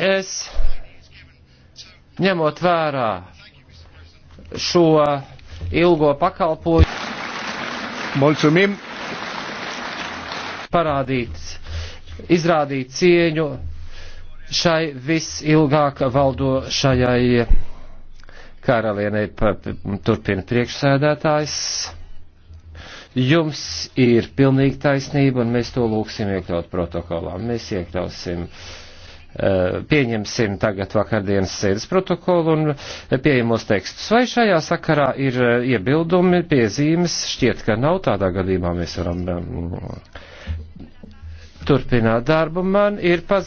Es ņemot vērā šo ilgo pakalpojumu. Mulțumim! Parādīt, izrādīt cieņu šai visilgāk valdošajai karalienei, turpina priekšsēdētājs. Jums ir pilnīgi taisnība, un mēs to lūksim iekļaut protokolā. Mēs iekļausim uh, Eh, pieņemsim tagad vakardienas sēdes protokolu un pieejamos tekstus. Vai šajā sakarā ir eh, iebildumi, piezīmes? Šķiet, ka nav tādā gadījumā mēs varam mm, turpināt darbu. Man ir pazīstams.